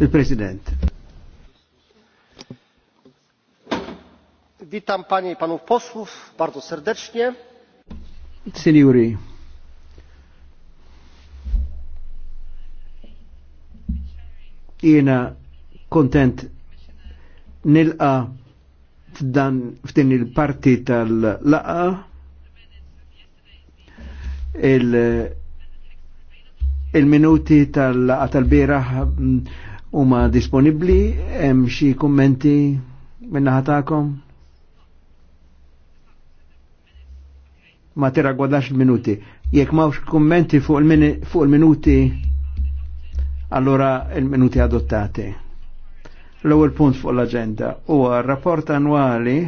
Il-President. Witam Panie i Panów Posłów bardzo serdecznie. Signori. Jena kontent nilqa f'dan f'din il-parti tal-laqa il-minuti il tal-laqa tal-biraħ huma disponibbli hemm xi kummenti minnaħa tagħkom? Ma tira għadax minuti. Jekk mawx kummenti fuq il-minuti, il allora il-minuti adottati. L-ewwel punt fuq l-aġenda huwa rapport annwali